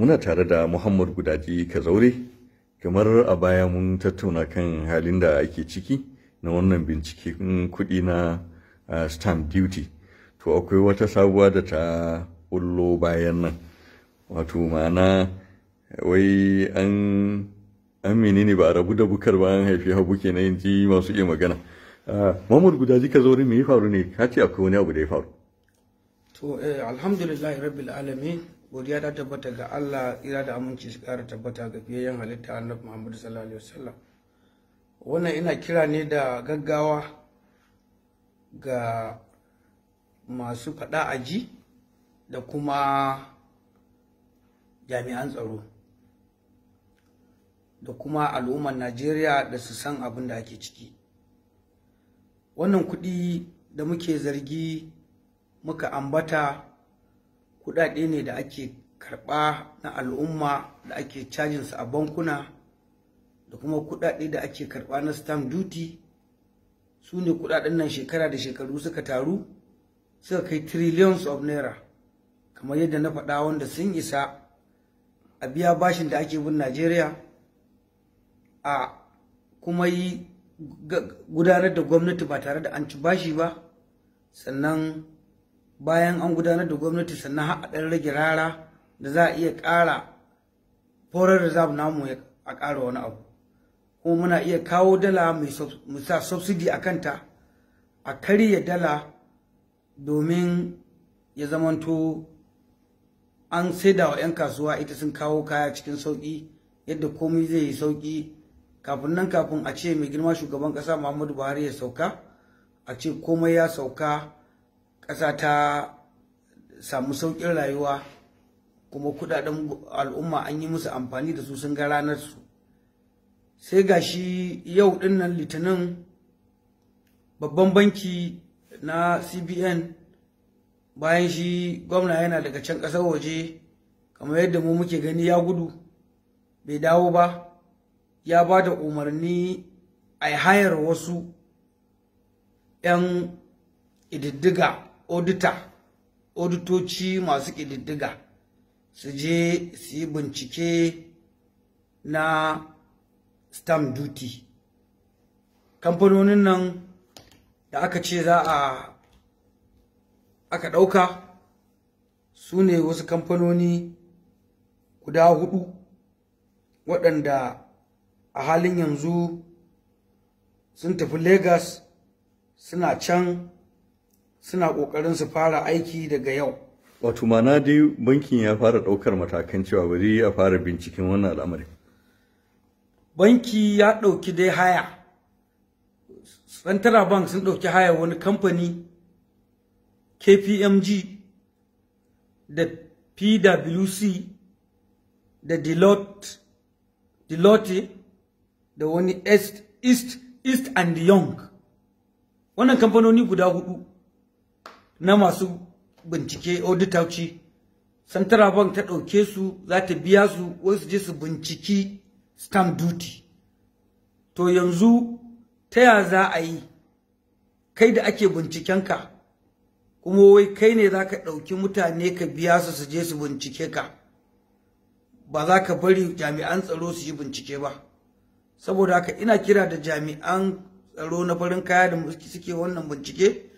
muna tare da Muhammad Gudaji Kazaure kamar a baya mun tattauna kan halin da ake ciki na wannan binciken kudi na stamp duty to akwai wata sabuwa da ta ullo bayan nan wato ma'ana wai an an menene ba a rabu da bukar ba an haifi habu kenan na ji masu iya magana mamur guda Gudaji zaure me faru ne ka ce akwai wani abu da ya faru to eh alhamdulillah rabbil alamin godiya ta tabbata ga Allah ira da aminci su kara tabbata ga fiyayyen halitta annabi Muhammadu sallallahu alaihi wasallam wannan ina kira ne da gaggawa ga masu faɗa aji da kuma jami'an tsaro da kuma al'ummar Najeriya da su san abin da ake ciki wannan kuɗi da muke zargi muka ambata Kudade ne da ake karɓa na al'umma da ake su a bankuna da kuma kudade da ake karɓa na stamp duty su ne kuɗaɗen nan shekara da shekaru suka taru suka kai trillions of naira kamar yadda na faɗa wanda sun isa a biya bashin da ake bin najeriya a kuma yi gudanar da gwamnati ba tare da an ci bashi ba sannan bayan an gudanar da gwamnati sannan haɗin ɗan rage rara da za a iya ƙara foreign reserve namu a ƙara wani abu kuma muna iya kawo dala mu sa subsidy a kanta a karya dala domin ya zamanto an saida wa 'yan kasuwa ita sun kawo kaya cikin sauƙi yadda komai zai yi sauƙi kafin nan kafin a ce mai girma shugaban ƙasa muhammadu buhari ya sauka a ce komai ya sauka ƙasa ta samu sauƙin rayuwa kuma kudaden al'umma an yi musu amfani da su sun ga ranarsu sai ga shi yau dinnan litinin babban banki na cbn bayan shi gwamna yana daga can ƙasar waje kamar yadda mu muke gani ya gudu bai dawo ba ya ba da umarni a hayar wasu 'yan ididdiga odita oditoci masu ƙididdiga su je su yi bincike na stamp duty kamfanonin nan da aka ce za a aka ɗauka su ne wasu kamfanoni guda hudu waɗanda a halin yanzu sun tafi Legas suna can suna ƙoƙarin su fara aiki daga yau. Wato mana dai bankin ya fara ɗaukar matakan cewa bari a fara binciken wannan al'amari. Banki ya dauki dai haya. Central Bank sun dauki haya wani kamfani KPMG da PwC da Deloitte, Deloitte da wani East, East, East and Young. Wannan kamfanoni guda hudu na masu bincike auditauci central bank ta ɗauke su za ta biya su wai su je su binciki stamp duty to yanzu ta ya za a yi kai da ake binciken ka? kuma wai kai ne za ka ɗauki mutane ka biya su su je su bincike ka ba za ka bari jami'an tsaro su yi bincike ba saboda haka ina kira da jami'an tsaro na farin kaya da suke wannan bincike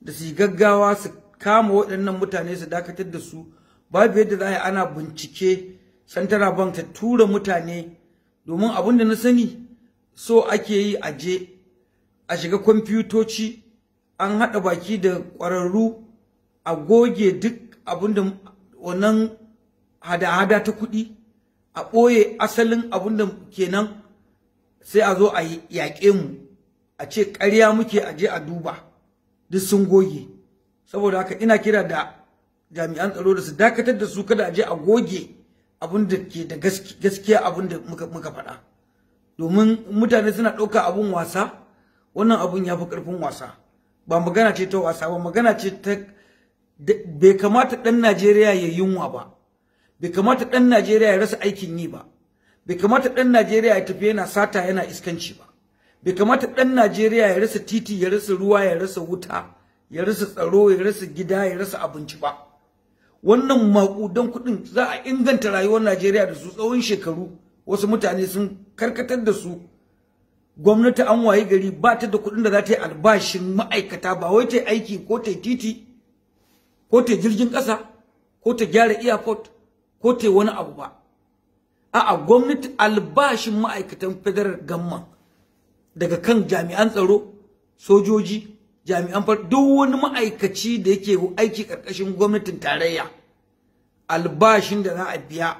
da su gaggawa su kama waɗannan mutane su dakatar da su babu yadda za a yi ana bincike santara bank ta tura mutane domin abin da na sani so ake yi a je a shiga kwamfutoci an haɗa baki da ƙwararru a goge duk abin da wannan hada-hada ta kuɗi a ɓoye asalin abin da kenan sai a zo a yaƙe mu a ce ƙarya muke a je a duba duk sun goge saboda haka ina kira da jami'an tsaro da su dakatar da su kada a je a goge abin da ke da gaskiya abin da muka faɗa domin mutane suna ɗauka abin wasa wannan abin ya fi ƙarfin wasa ba magana ce ta wasa ba magana ce ta bai kamata ɗan Najeriya ya yunwa ba bai kamata ɗan Najeriya ya rasa aikin yi ba bai kamata ɗan Najeriya ya tafi yana sata yana iskanci ba bai kamata ɗan Najeriya ya rasa titi ya rasa ruwa ya rasa wuta ya rasa tsaro ya rasa gida ya rasa abinci ba wannan maƙudan kuɗin za a inganta rayuwar Najeriya da su tsawon shekaru wasu mutane sun karkatar da su gwamnati an waye gari ba ta da kuɗin da za ta yi albashin ma'aikata ba wai ta yi aiki ko ta titi ko ta jirgin ƙasa ko ta gyara airport ko ta wani abu ba a'a gwamnati albashin ma'aikatan federal gamman daga kan jami'an tsaro sojoji jami'an far duk wani ma'aikaci da yake aiki karkashin gwamnatin tarayya albashin da za a biya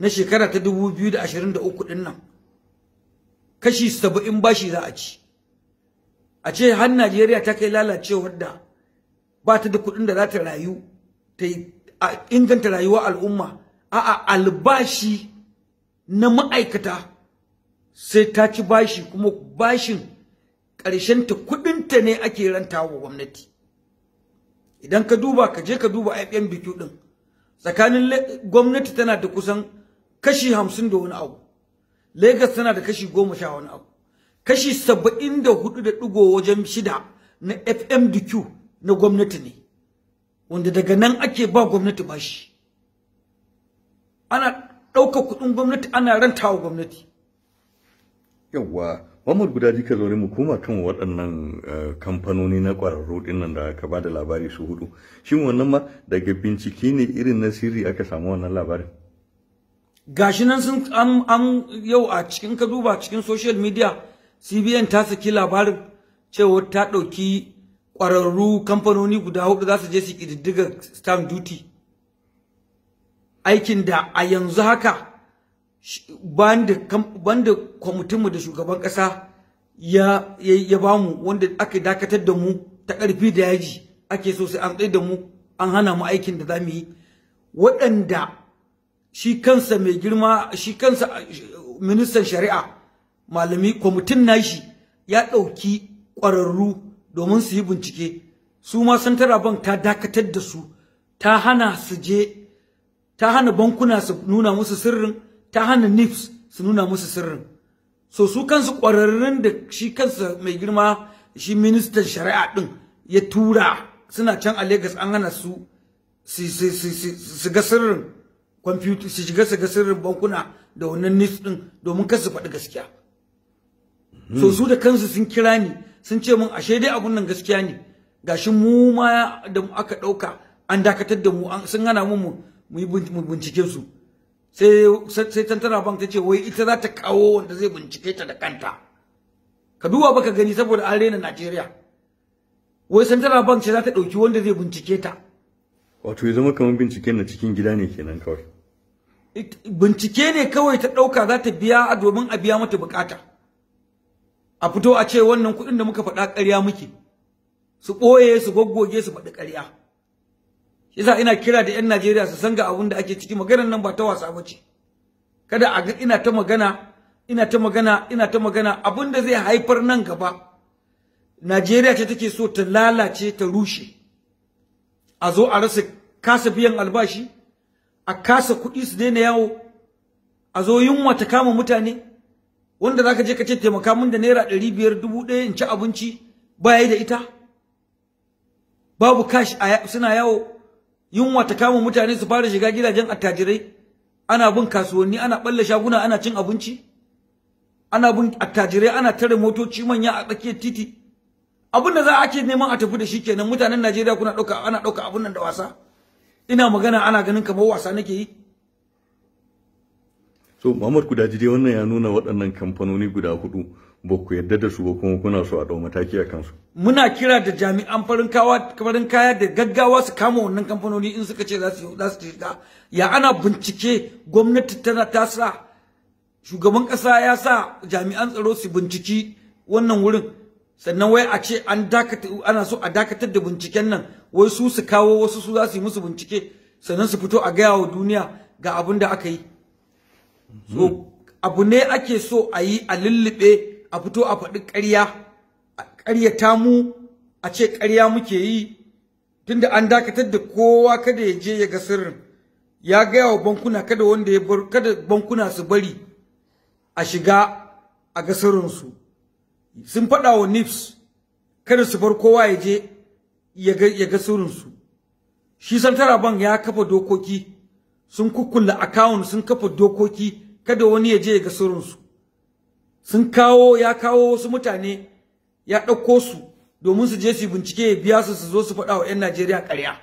na shekara ta 2023 din nan kashi 70 bashi za a ci a ce har Najeriya ta kai lalacewar da ba ta da kuɗin da za ta rayu ta inganta rayuwar al'umma a'a albashi na ma'aikata sai ta ci bashi kuma bashin ƙarshen ta kuɗinta ne ake rantawa wa gwamnati idan ka duba ka je ka duba BQ din tsakanin gwamnati tana da kusan kashi 50 da wani abu Lagos tana da kashi 10 sha wani abu kashi 74 da digo wajen shida na FMDQ na gwamnati ne wanda daga nan ake ba gwamnati bashi ana ɗauka kuɗin gwamnati ana rantawa gwamnati Yawwa, Muhammad ji ka zaune mu koma kan waɗannan eh, kamfanoni na ƙwararru ɗin nan da ka ba da labari su hudu. Shin wannan ma daga bincike ne irin na sirri aka samu wannan labarin? Gashi nan sun an yau a cikin ka duba cikin social media CBN ta saki labarin cewa ta ɗauki ƙwararru kamfanoni guda hudu za su je su ƙididdiga stamp duty. Aikin da a yanzu haka banda kwamitinmu da shugaban ƙasa ya ya bamu wanda aka dakatar da mu ta ƙarfi da yaji ake so sai an tsaye da mu an hana mu aikin da za mu yi waɗanda shi kansa mai girma shi kansa ministan shari'a malami kwamitin nashi ya ɗauki ƙwararru domin su yi bincike su ma santara bank ta dakatar da su ta hana su je ta hana bankuna su nuna musu sirrin ta hana NIPS su nuna musu sirrin so su kansu ƙwararrun da shi kansa mai girma shi ministan shari'a ɗin ya tura suna can a legas an hana su su sirrin kwamfuta su shiga su ga sirrin bankuna da wannan NIPS ɗin domin kan su faɗi gaskiya hmm. so su da kansu sun kira ni sun ce mun ashe dai abun nan gaskiya ne gashi mu ma da aka ɗauka an dakatar da mu sun hana mu mu bincike su sai sai tantara bank ta ce wai ita za ta kawo wanda zai bincike ta da kanta ka duba baka gani saboda an rena Najeriya wai tantara bank ce za ta dauki wanda zai bincike ta wato ya zama kamar binciken na cikin gida ne kenan kawai bincike ne kawai ta dauka za ta biya domin a biya mata bukata a fito a ce wannan kuɗin da muka faɗa ƙarya muke su ɓoye su goggoge su faɗi ƙarya yasa ina kira da yan Najeriya su ga abin da ake ciki maganar nan ba ta wasa bace kada a ga ina ta magana ina ta magana ina ta magana abun da zai haifar nan gaba Najeriya ce take so ta lalace ta rushe a zo a rasa kasa biyan albashi a kasa kuɗi su daina yawo a zo yunwa ta kama mutane wanda zaka je ka ce taimaka min da naira ɗari biyar dubu ɗaya in ci abinci ba da ita babu kashi suna yawo yunwa ta kama mutane su fara shiga gidajen attajirai ana bin kasuwanni ana balle shaguna ana cin abinci ana bin attajirai ana tare motoci manya a tsakiyar titi abin da za a ake neman a tafi da shi kenan mutanen Najeriya kuna dauka ana dauka abun nan da wasa ina magana ana ganin kamar wasa nake yi so Muhammad Kudaji dai wannan ya nuna waɗannan kamfanoni guda hudu ba ku da su ba kuma kuna so a dau mataki a kansu. Muna kira da jami'an farin farin kaya da gaggawa su kama wannan kamfanoni in suka ce za su za su shiga. Ya ana bincike gwamnati tana ta sa shugaban kasa ya sa jami'an tsaro su binciki wannan wurin. Sannan wai a ce an dakata ana so a dakatar da binciken nan wai su su kawo wasu su za su yi musu bincike sannan su fito a gaya wa duniya ga abin da aka yi. So abu ne ake so a yi a lullube a fito a faɗi ƙarya a ƙaryata mu a ce ƙarya muke yi tunda an dakatar da kowa kada ya je ya ga sirrin ya gaya wa bankuna kada wanda ya bar kada bankuna su bari a shiga a ga sirrinsu sun faɗa wa NIPS kada su bar kowa ya je ya ga sirrinsu shi santara bank ya kafa dokoki sun kukkulla account sun kafa dokoki kada wani ya je ya ga sirrinsu sun kawo ya kawo wasu mutane ya ɗauko su domin su je su bincike ya biya su su zo su faɗa wa 'yan Najeriya ƙarya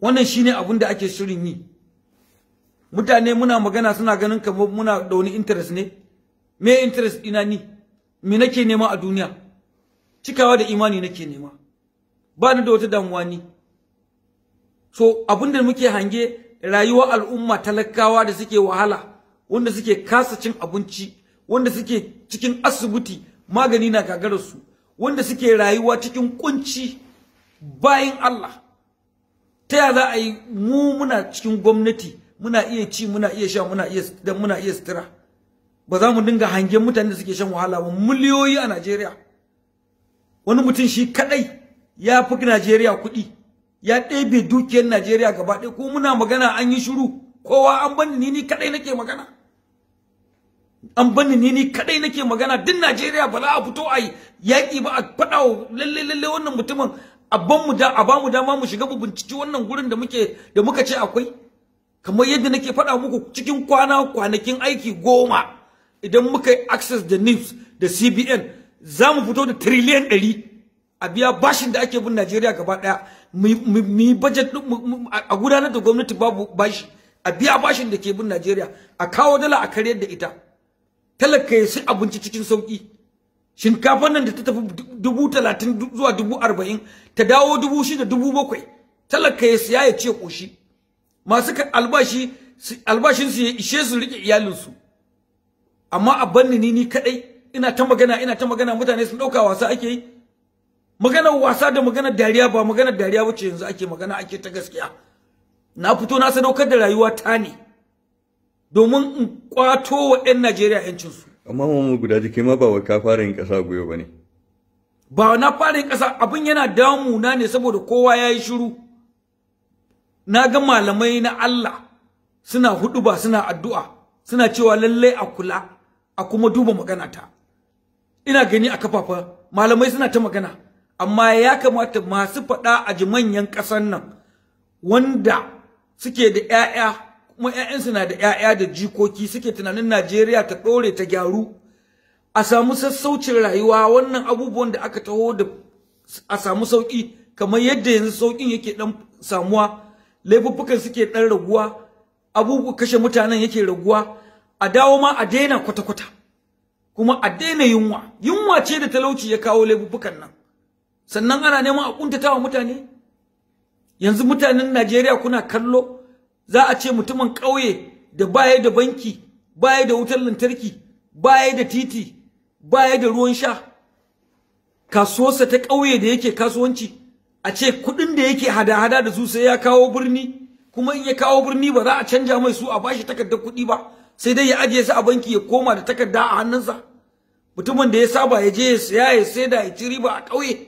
wannan shine abin da ake shirin yi mutane muna magana suna ganin kamar muna da wani interest ne me interest ina ni me nake nema a duniya cikawa da imani nake nema ba ni da wata damuwa ni so abin da muke hange rayuwar al'umma talakawa da suke wahala wanda suke kasa cin abinci wanda suke cikin asibiti magani na kagararsu wanda suke rayuwa cikin kunci bayan Allah ta ya za a yi mu muna cikin gwamnati muna iya ci muna iya sha muna iya dan muna iya sutura ba za mu dinga hangen mutane da suke shan wahala ba miliyoyi a Najeriya wani mutum shi kadai ya fi Najeriya kuɗi ya ɗebe dukiyar Najeriya gaba ɗaya ko muna magana an yi shiru kowa an bani ni ni kadai nake magana an bani ni ni kadai nake magana din Najeriya ba za a fito a yaki ba a fada lalle lalle wannan mutumin abban mu da a bamu mu dama mu shiga mu binciki wannan gurin da muke da muka ce akwai kamar yadda nake faɗa muku cikin kwana kwanakin aiki goma idan muka access da news da CBN za mu fito da trillion ɗari a biya bashin da ake bin Najeriya gaba daya mu budget a gudanar da gwamnati babu bashi a biya bashin da ke bin Najeriya a kawo dala a karyar da ita talaka ya sai abinci cikin sauki shinkafar nan da ta tafi dubu talatin zuwa dubu arba'in ta dawo dubu shida dubu bakwai talaka ya siya ya ce ƙoshi masu albashi albashinsu ya ishe su riƙe iyalinsu amma a banni ni ni kaɗai ina ta magana ina ta magana mutane sun ɗauka wasa ake yi maganar wasa da maganar dariya ba maganar dariya wacce yanzu ake magana ake ta gaskiya na fito na sadaukar da rayuwa ta ne domin in kwato wa 'yan Najeriya 'yancinsu. Amma mamu guda jike ma ba wa ka fara yin ƙasa goyo ba ne. Ba na fara yin ƙasa abin yana damuna ne saboda kowa ya yi shiru. Na ga malamai na Allah suna hudu ba suna addu'a suna cewa lallai a kula a kuma duba magana ta. Ina gani a kafafa malamai suna ta magana amma ya kamata masu faɗa a ji manyan ƙasan nan wanda suke da 'ya'ya kuma ƴaƴansu na da ƴaƴa da jikoki suke tunanin Najeriya ta ɗore ta gyaru a samu sassaucin rayuwa wannan abubuwan da aka taho da a samu sauki kamar yadda yanzu saukin yake dan samuwa laifuffukan suke dan raguwa abubu kashe mutanen yake raguwa a dawo ma a daina kwata-kwata kuma a daina yunwa yunwa ce da talauci ya kawo laifuffukan nan sannan ana neman a kuntatawa mutane yanzu mutanen Najeriya kuna kallo za a ce mutumin ƙauye da baya da banki baya da wutar lantarki baya da titi baya da ruwan sha kasuwarsa ta ƙauye da yake kasuwanci a ce kuɗin da yake hada-hada da su sai ya kawo birni kuma in ya kawo birni ba za a canja mai su a bashi takardar kuɗi ba sai dai ya ajiye su a banki ya koma da takarda a hannunsa mutumin da ya saba ya je ya saya ya saida ya ci riba a ƙauye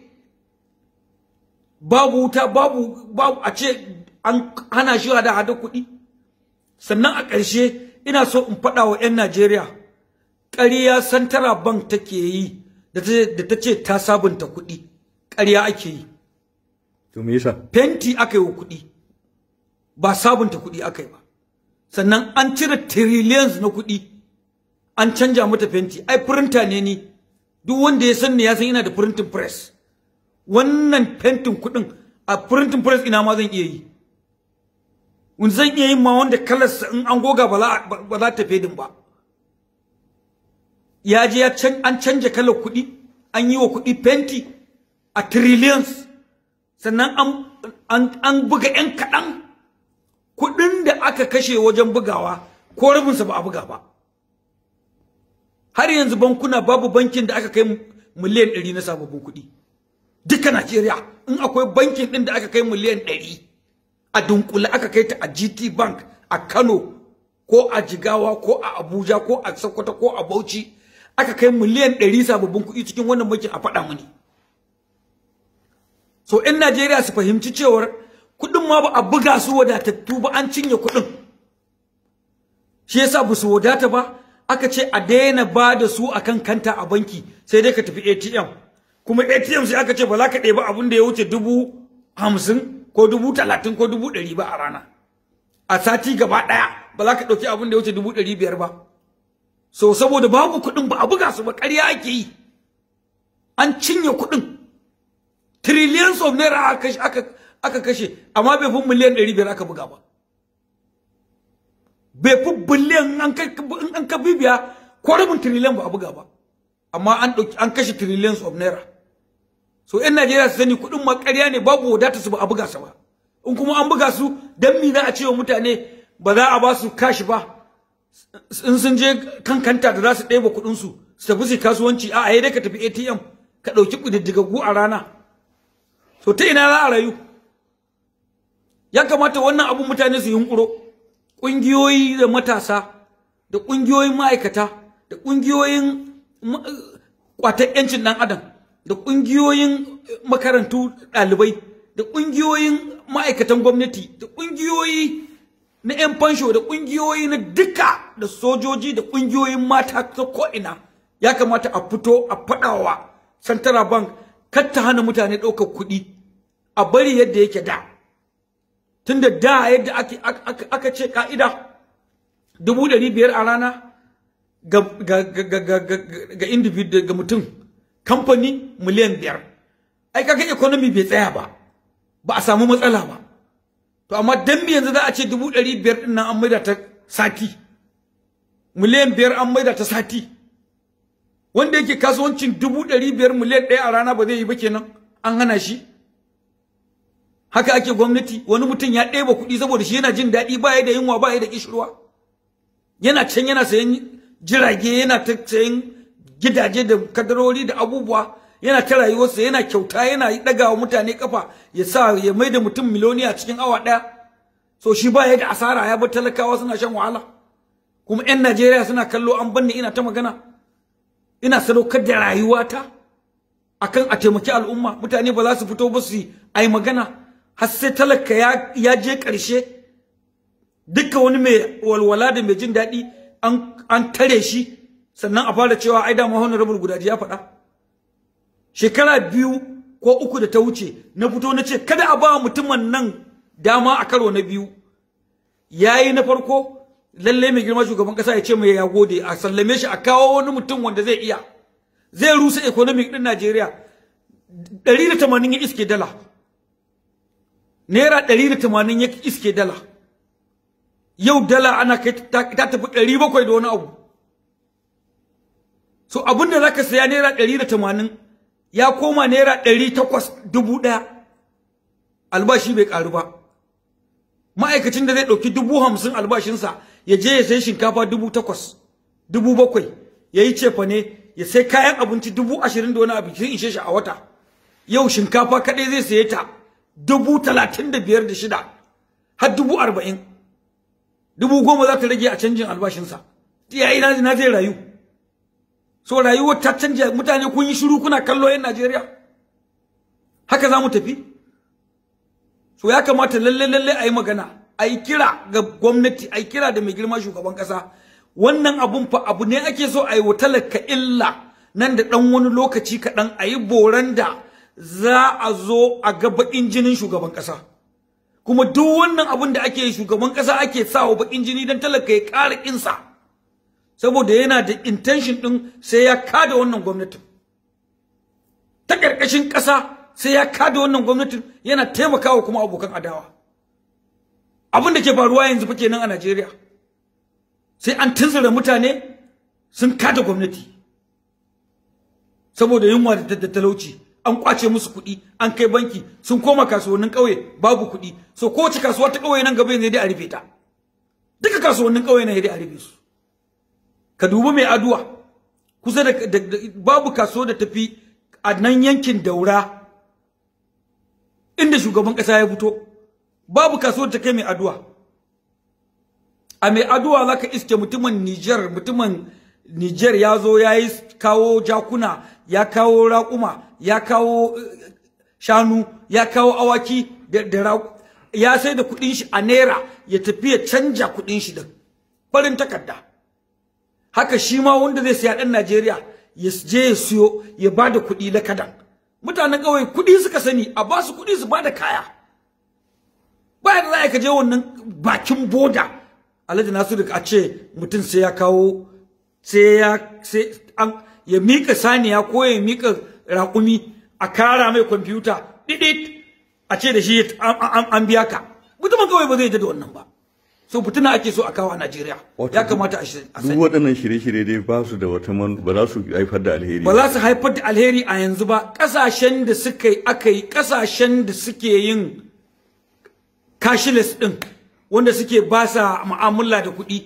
babu wuta babu babu a ce an hana shi da hada kuɗi sannan a ƙarshe ina so in faɗa wa 'yan Najeriya ƙarya santara bank take yi da ta ce ta sabunta kuɗi ƙarya ake yi to me yasa fenti aka yi wa kuɗi ba sabunta kuɗi aka yi ba sannan an cire trillions na kuɗi an canja mata fenti ai printer ne ni duk wanda ya san ne ya san ina da printing press wannan fentin kuɗin a printing press ina ma zan iya yi un zan iya yin ma wanda kalarsa in an goga ba za ta fedin ba ya je an canza kalar kuɗi an yi wa kuɗi fenti a trillions sannan an buga 'yan kaɗan kuɗin da aka kashe wajen bugawa ko rabinsa ba a buga ba har yanzu bankuna babu bankin da aka kai miliyan ɗari na sababbin kuɗi duka najeriya in akwai bankin ɗin da aka kai miliyan ɗari a dunkule aka kai ta a GT Bank a Kano ko a Jigawa ko a Abuja ko a Sokoto ko a Bauchi aka kai miliyan 100 sababbin kuɗi cikin wannan bankin a faɗa mani so in Najeriya su fahimci cewar kuɗin ma ba a buga su wadatattu ba an cinye kuɗin shi yasa ba su wadata ba aka ce a daina ba da su akan kanta a banki sai dai ka tafi ATM kuma ATM sai aka ce ba za ka ɗeba abin da ya wuce dubu hamsin ko dubu talatin ko dubu ɗari ba a rana a sati gaba ɗaya ba za ka ɗauki abin da ya wuce dubu ɗari biyar ba so saboda babu kuɗin ba a buga su ba ƙarya ake yi an cinye kuɗin trillions of naira aka kashe amma bai fi miliyan ɗari biyar aka buga ba bai fi biliyan an ka bibiya ko rabin trillion ba a buga ba amma an kashe trillions of naira so yan Najeriya su sani kuɗin ma ƙarya ne babu wadata su ba a buga su ba in kuma an buga su dan me za a ce wa mutane ba za a ba su kashi ba in sun je kankanta da za su ɗeba kuɗin su su tafi su kasuwanci a'a dai ka tafi ATM ka ɗauki ƙididdigaggu a rana so ta ina za a rayu ya kamata wannan abun mutane su yunƙuro, ƙungiyoyi da matasa da ƙungiyoyin ma'aikata da ƙungiyoyin ƙwatar 'yancin ɗan adam da ƙungiyoyin makarantu ɗalibai da ƙungiyoyin ma'aikatan gwamnati da ƙungiyoyi na 'yan fansho da ƙungiyoyi na duka da sojoji da ƙungiyoyin mata ta ko'ina ya kamata a fito a faɗawa santara bank kar ta hana mutane ɗaukar kuɗi a bari yadda yake da tunda da yadda aka ce ka'ida dubu ɗari biyar a rana ga individu ga mutum kamfani miliyan biyar ai kaga economy bai tsaya ba ba a samu matsala ba to amma dan yanzu za a ce dubu ɗari biyar ɗin nan an maida ta sati miliyan biyar an maida ta sati wanda yake kasuwancin dubu ɗari biyar miliyan ɗaya a rana ba zai yi ba kenan an hana shi haka ake gwamnati wani mutum ya ɗeba kuɗi saboda shi yana jin daɗi ba da yunwa ba ya da kishirwa yana can yana sayan jirage yana ta sayan gidaje da kadarori da abubuwa yana ta rayuwarsa yana kyauta yana daga wa mutane kafa ya sa ya maida mutum miliyoniya cikin awa daya so shi ba ya da asara ya bar talakawa suna shan wahala kuma yan Najeriya suna kallo an banni ina ta magana ina sadaukar da rayuwata akan a taimaki al'umma mutane ba za su fito ba su ai magana har sai talaka ya, ya je karshe duka wani mai walwala da mai jin daɗi an, an tare shi sannan a fara cewa ai da mu honorable gudaji ya faɗa shekara biyu ko uku da ta wuce na fito na ce kada a ba mutumin nan dama a karo na biyu yayi na farko lalle mai girma shugaban kasa ya ce mai ya gode a sallame shi a kawo wani mutum wanda zai iya zai rusa economic din Najeriya 180 ya iske dala naira 180 ya iske dala yau dala ana kai ta tafi 700 da wani abu so abin da zaka saya naira ɗari da tamanin ya koma naira ɗari takwas dubu ɗaya albashi bai ƙaru ba ma'aikacin da zai ɗauki dubu hamsin albashinsa ya je ya sai shinkafa dubu takwas dubu bakwai ya yi cefane ya sai kayan abinci dubu ashirin da wani abu sun shi a wata yau shinkafa kaɗai zai saye ta dubu talatin da biyar da shida har dubu arba'in dubu goma za ta rage a canjin albashinsa ya na zai rayu so rayuwar ta canja mutane kun yi shiru kuna kallo yan Najeriya haka za mu tafi so ya kamata lalle lalle a yi magana ayi kira ga gwamnati a kira da mai girma shugaban kasa wannan abun fa abu ne ake so ayi yi wa talaka illa nan da dan wani lokaci kaɗan a yi boran da za a zo a ga bakin jinin shugaban kasa kuma duk wannan abun da ake shugaban kasa ake sawa baƙin jini dan talaka ya ƙara ƙinsa. saboda yana da intention din sai ya kada wannan gwamnatin ta karkashin kasa sai ya kada wannan gwamnatin yana taimakawa kuma abokan adawa abin da ke faruwa yanzu fa kenan a Najeriya sai an tunzura mutane sun kada gwamnati saboda yunwa da talauci an kwace musu kuɗi an kai banki sun koma kasuwannin ƙauye babu kuɗi so kowace kasuwa ta ƙauye nan gaba yanzu dai a rufe ta duka kasuwannin ƙauye nan dai a rufe su ka dubi mai aduwa kusa da babu kaso da tafi a nan yankin daura inda shugaban kasa ya fito babu kaso da kai mai aduwa a mai aduwa zaka iske mutumin Niger mutumin nijar ya zo ya yi kawo jakuna ya kawo raƙuma ya kawo eh, shanu ya kawo awaki da ya sai da kuɗin shi a naira ya tafi ya canja kuɗin shi da farin takarda haka shi ma wanda zai siya ɗan Najeriya ya je ya siyo ya bada da kuɗi lakadan mutanen kawai kuɗi suka sani a ba su kuɗi su bada da kaya bayan za ka je wannan bakin boda alhaji nasiru a ce mutum sai ya kawo sai ya sai an ya mika saniya ko ya mika raƙumi a kara mai kwamfuta didit a ce da shi an biya ka mutumin kawai ba zai da wannan ba so fitina ake so a kawo a Najeriya ya kamata a sani duk waɗannan shirye-shirye dai ba su da wata man ba za su haifar da alheri ba za su haifar da alheri a yanzu ba kasashen da suka yi aka yi kasashen da suke yin cashless din wanda suke ba sa mu'amala da kuɗi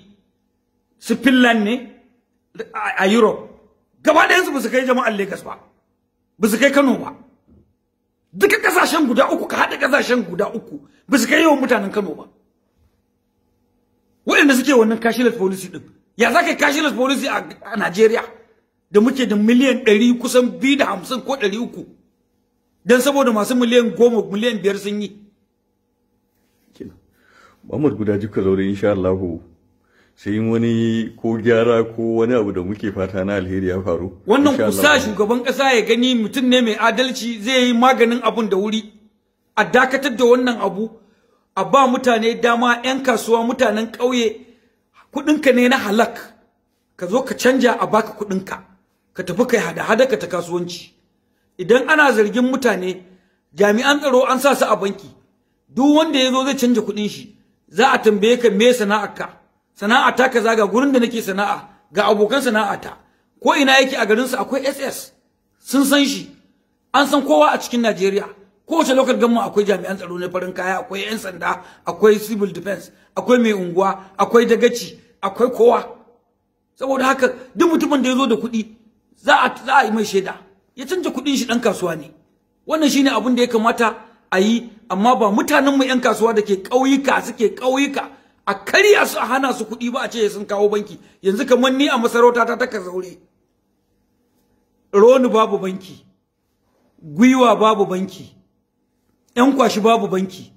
su Finland ne a Europe gaba ɗayan su ba su kai jama'an Lagos ba ba su kai Kano ba duka kasashen guda uku ka haɗa kasashen guda uku ba su kai yawan mutanen Kano ba waɗanda suke wannan cashless policy din ya za ka yi cashless policy a Najeriya da muke da miliyan ɗari kusan biyu da hamsin ko ɗari uku don saboda masu miliyan goma miliyan biyar sun yi. Muhammad guda jika zaure insha Allah sai wani ko gyara ko wani abu da muke fata na alheri ya faru. Wannan kusa shugaban ƙasa ya gani mutum ne mai adalci zai yi maganin abun da wuri a dakatar da wannan abu a ba mutane dama 'yan kasuwa mutanen ƙauye kuɗinka ne na halak ka zo ka canja a baka kuɗinka ka tafi kai hada-hada ka ta kasuwanci idan ana zargin mutane jami'an tsaro an sa su a banki duk wanda ya zo zai canja kuɗin shi za a tambaye ka me sana'arka sana'a ta kaza ga gurin da nake sana'a ga abokan sana'a ta ko ina yake a garinsu akwai ss sun san shi an san kowa a cikin najeriya kowace lokacin ganmu akwai jami'an tsaro na farin kaya akwai 'yan sanda akwai civil defense akwai mai unguwa akwai dagaci akwai kowa saboda haka duk mutumin da ya zo da kuɗi za a yi mai shaida ya canja kuɗin shi ɗan kasuwa ne wannan shine abin da ya kamata a yi amma ba mutanen mu 'yan kasuwa da ke ƙauyuka suke ƙauyuka a karya su a hana su kuɗi ba a ce sun kawo banki yanzu kamar ni a masarauta ta taka zaure roni babu banki gwiwa babu banki 'yan kwashi babu banki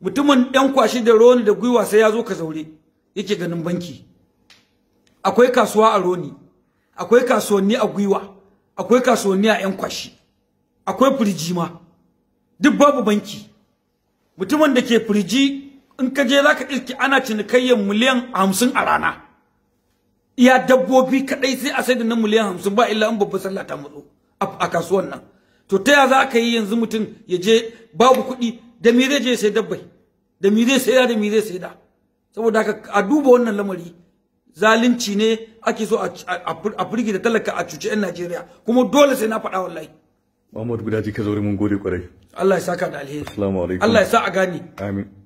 mutumin 'yan kwashi da roni da gwiwa sai ya zo ka zaure yake ganin banki akwai kasuwa a roni akwai kasuwanni a gwiwa akwai kasuwanni a 'yan kwashi akwai firji ma duk babu banki mutumin da ke firji in ka je za ka ɗirki ana cinikayyar miliyan hamsin a rana iya dabbobi kaɗai sai a sai da na miliyan hamsin ba illa in babban sallah ta matso a kasuwan nan to ta ya za ka yi yanzu mutum ya je babu kuɗi da me zai je sai dabbai da me zai saida da me zai saida saboda haka a duba wannan lamari zalunci ne ake so a da talaka a cuci 'yan Najeriya kuma dole sai na faɗa wallahi Muhammad ji ka zaure mun gode kwarai Allah ya saka da alheri Assalamu alaikum Allah ya sa a gani amin